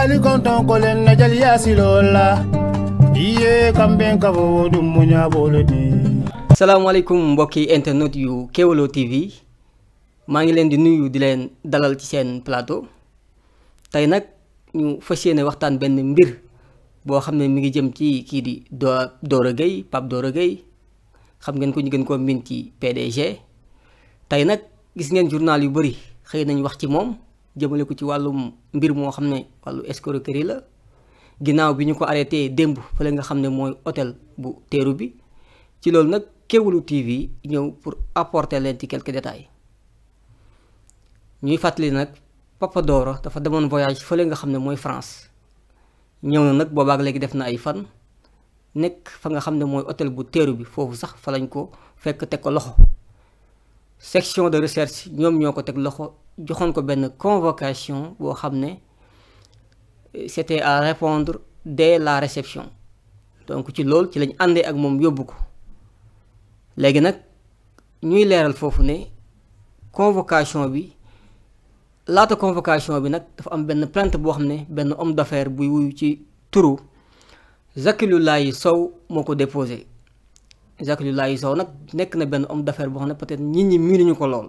ali konton kolen na jali yasilola iye kamben kabo dum munya bolodi salaamaaleykum mbokki internet yu Kéwoulo TV maa ngi leen di nuyu di leen dalal ci seen plateau tey nag ñu fas yéene waxtaan benn mbir boo xam ne mi ngi jëm ci kii di Doro Gueye Pape Doro Gueye xam ngeen ko ñu gën koo min ci PDG tey nag gis ngeen journal yu bari xëy nañu wax ci moom jëmale ko ci wàllum mbir moo xam ne wàllu escroquerie la ginnaaw bi ñu ko arrêté démb fële nga xam ne mooy hôtel bu teeru bi ci loolu nag Kéwoulo TV ñëw pour apporter leen ci quelques détails ñuy fàttali nag Papa Doro dafa demoon voyage fële nga xam ne mooy France ñëw na nag boobaak léegi def na ay fan nekk fa nga xam ne mooy hôtel bu teeru bi foofu sax fa lañ ko fekk teg ko loxo section de recherche ñoom ñoo ko teg loxo joxoon ko une convocation bo xamné euh, c'était à répondre dès la réception donc ci lool ci lañ andé ak mom yóbbu ko léegi nag ñuy léral fofu ne convocation bi la convocation bi nak dafa am ben plainte bo xamné ben homme d'affaires bu wuyu ci turu zakilullah Sow moko déposer déposé Zakilulaay Sow nag nekk na ben homme d'affaires bo xamné peut-être nit ñi miñu ko lool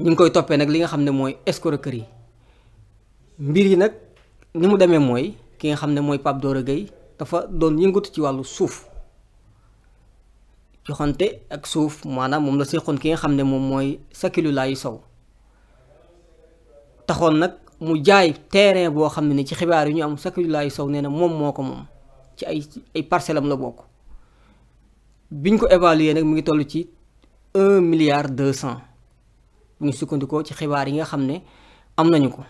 ñu ngi koy toppee nag li nga xam ne mooy yi mbir yi nag ni mu demee mooy ki nga xam ne mooy Pape a Gueye dafa doon yëngatu ci wàllu suuf joxante ak suuf maanaam moom la séqoon ki nga xam ne moom mooy Sakilu Laay Sow taxoon nag mu jaay terrain boo xam ne ni ci xibaar yu ñu am Sakilu Laay Sow nee na moom moo ko moom ci ay ay parcelle am la bokk biñ ko évaluer nag mu ngi toll ci un milliard deux cent bu ñu sukkandikoo ci xibaar yi nga xam ne am nañu ko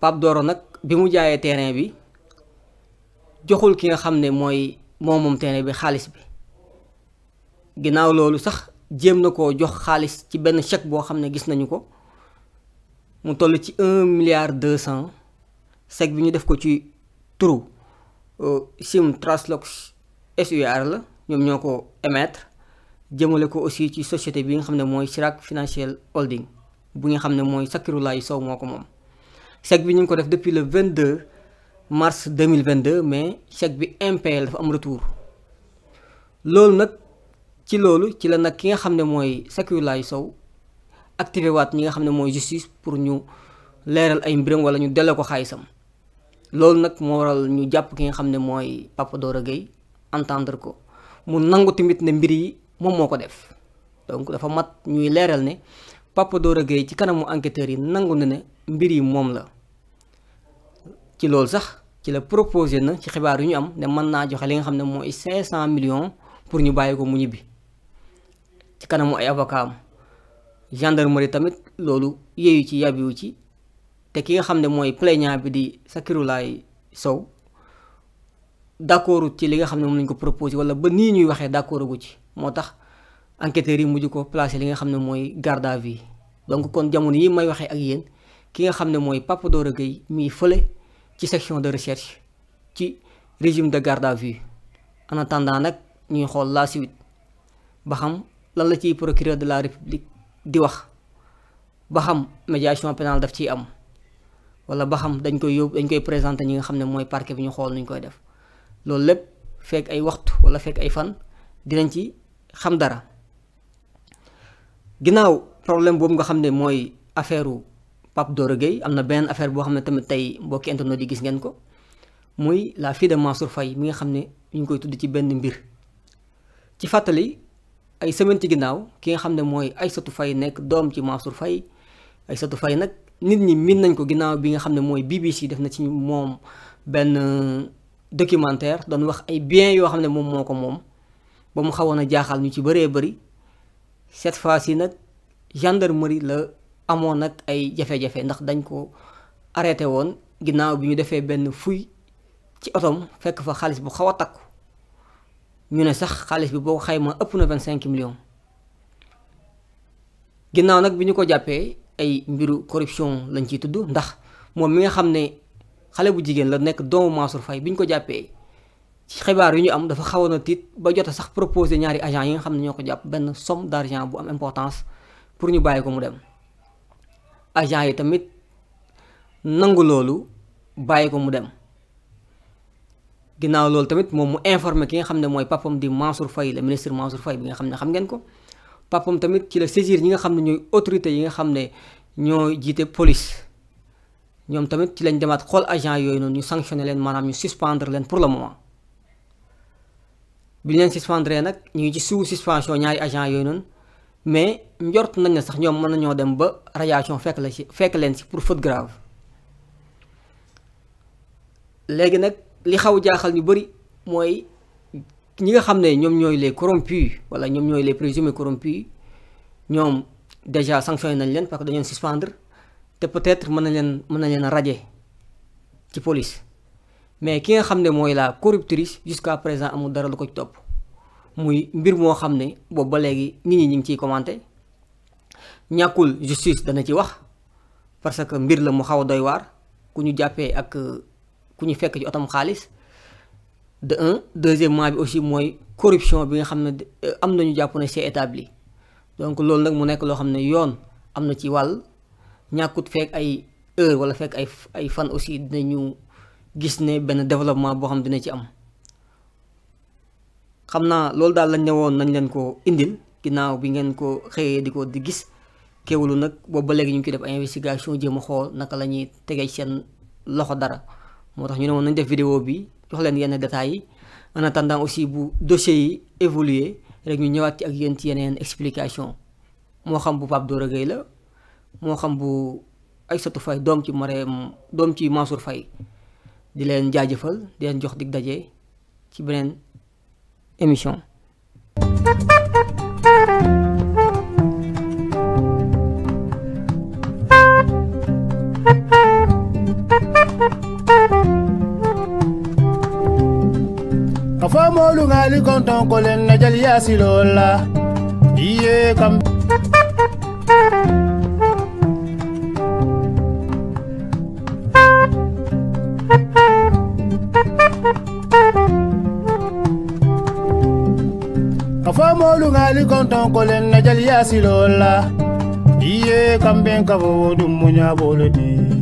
Pape nag bi mu jaayee terrain bi joxul ki nga xam ne mooy moomoom moom terrain bi xaalis bi ginnaaw loolu sax jéem na ko jox xaalis ci benn chèque boo xam ne gis nañu ko mu toll ci un milliard deux cent chèque bi ñu def ko ci turu euh, Sim Truslox SUR la ñoom ñoo ko émettre jëmale ko aussi ci société bi nga xam ne mooy Sirac Financial Holding bu nga xam ne mooy Sakirulaay Sow moo ko moom sec bi ñu ngi ko def depuis le 22 mars 2022 mais chèque bi impayé dafa am retour loolu nag ci loolu ci la nag ki nga xam ne mooy Sakirulaay Sow activé waat ñi nga xam ne mooy justice pour ñu leeral ay mbiram wala ñu delloo ko xaayisam loolu nag moo waral ñu jàpp ki nga xam ne mooy Papa a Gueye entendre ko mu nangu tamit ne mbir yi moom moo ko def donc dafa mat ñuy leeral ne Papa a Gueye ci kanamu enquêteurs yi nangu na ne mbir yi moom la ci loolu sax ci la proposé na ci xibaar yu ñu am ne mën naa joxe li nga xam ne mooy 500 million pour ñu bàyyi ko mu ñibbi ci kanamu ay avocat am gendarmerie tamit loolu yeeyu ci yabiwu ci te ki nga xam ne mooy plaignant bi di Sakiroulaye Sow d'accord ci li nga xam ne moom lañ ko proposé wala ba nii ñuy waxee d'accord gu ci moo tax enquêteurs yi mujj ko placé li nga xam ne mooy garde à vue donc kon jamono yi may waxee ak yéen ki nga xam ne mooy Papa a Gueye mii fële ci section de recherche ci régime de garde à vue en attendant nag ñuy xool la suite ba xam lan la ciy procureur de la république di wax ba xam médiation pénale daf ciy am walla ba xam dañ koy yóbbu dañ koy présenter ñi nga xam ne mooy parquet bi ñu xool nuñ koy def loolu lépp fekk ay waxtu walla fekk ay fan dinañ ci xam dara ginnaaw problème boobu nga xam ne mooy affaire Pape Doro Gueye am na benn affaire boo xam ne tamit tey mbokki internet yi gis ngeen ko muy la fille de Mansour Faye mi nga xam ne ñu ngi koy tudd ci benn mbir ci fàttali ay semaine ci ginnaaw ki nga xam ne mooy Aïssatou Faye nekk doom ci Mansour Faye Aïssatou Faye nag nit ñi miin nañ ko ginnaaw bi nga xam ne mooy BBC def na ci moom benn documentaire doon wax ay biens yoo xam ne moom moo ko moom ba mu xawoon a jaaxal ñu ci bëree bëri cette fois-ci nag gendarmerie la amoon nag ay jafe-jafe ndax dañ ko arrêté woon ginnaaw bi ñu defee benn fuy ci otom fekk fa xaalis bu xaw a takku ñu ne sax xaalis bi boo ko xayma ëpp na vingt cinq millions ginnaaw nag bi ñu ko jàppee ay mbiru corruption lañ ciy tudd ndax moom mi nga xam ne xale bu jigéen la nekk doomu Mansour Faye bi ñu ko jàppee ci xibaar yu ñu am dafa xawoon na tiit ba jot sax proposé ñaari agent yi nga xam ne ñoo ko jàpp benn somme d'argent bu am importance pour ñu bàyyi ko mu dem agent yi tamit nangu loolu bàyyi ko mu dem ginnaaw loolu tamit moom mu informé ki nga xam ne mooy papam di Mansour Faye le ministre Mansour Faye bi nga xam ne xam ngeen ko papam tamit ci la saisir ñi nga xam ne ñuy autorité yi nga xam ne ñoo jiite police ñoom tamit ci lañ demaat xool agent yooyu noonu ñu sanctionné leen maanaam ñu suspendre leen pour le moment bi leen suspendre nag ñu ngi ci sous suspension ñaari agent yooyu noonu mais njort nañ ne sax ñoom mën nañoo dem ba radiation fekk la ci fekk leen ci pour faute léegi nag li xaw jaaxal ñu bëri mooy ñi nga xam ne ñoom ñooy les corrompus wala ñoom ñooy les présumés corrompus ñoom déjà sanctionné nañ leen parce que dañu leen suspendre te peut-être mën na leen mën na leen a raje ci police mais ki nga xam ne mooy la corruptrice jusqu'à présent amul dara lu ko ci topp muy mbir moo xam ne boobu ba léegi nit ñi ñu ngi ciy commenté ñàkkul justice dana ci wax parce que mbir la mu xaw a doy waar ku ñu jàppee ak euh, ku ñu fekk ci otom xaalis de un deuxièmement bi aussi mooy corruption bi nga xam ne euh, am nañu jàpp ne c'est établi donc loolu nag mu nekk loo xam ne yoon am na ci wàll ñàkkut fekk ay heure wala fekk ay ay fan aussi dinañu gis ne benn développement boo xam dina ci am xam naa loolu daal lañ ne woon nañ leen ko indil ginnaaw bi ngeen ko xëyee di ko di gis Kéwoulo nag boobu ba léegi ñu ngi koy def ay investigation jéem xool naka la ñuy tegee seen loxo dara moo tax ñu ne woon nañ def vidéo bi jox leen yenn détails yi en attendant aussi bu dossier yi évoluer rek ñu ñëwaat ci ak yéen ci yeneen explication moo xam bu Pape Dora Gueye la moo xam bu Aïssatou Faye doom ci Marème doom ci Mansour Faye di leen jaajëfal di leen jox dig daje ci beneen émission. afamolu ngali konton kolen na jali yasilola iye kam olungali kontonkolena jaliasilola iye kambenka vo dumunya voledi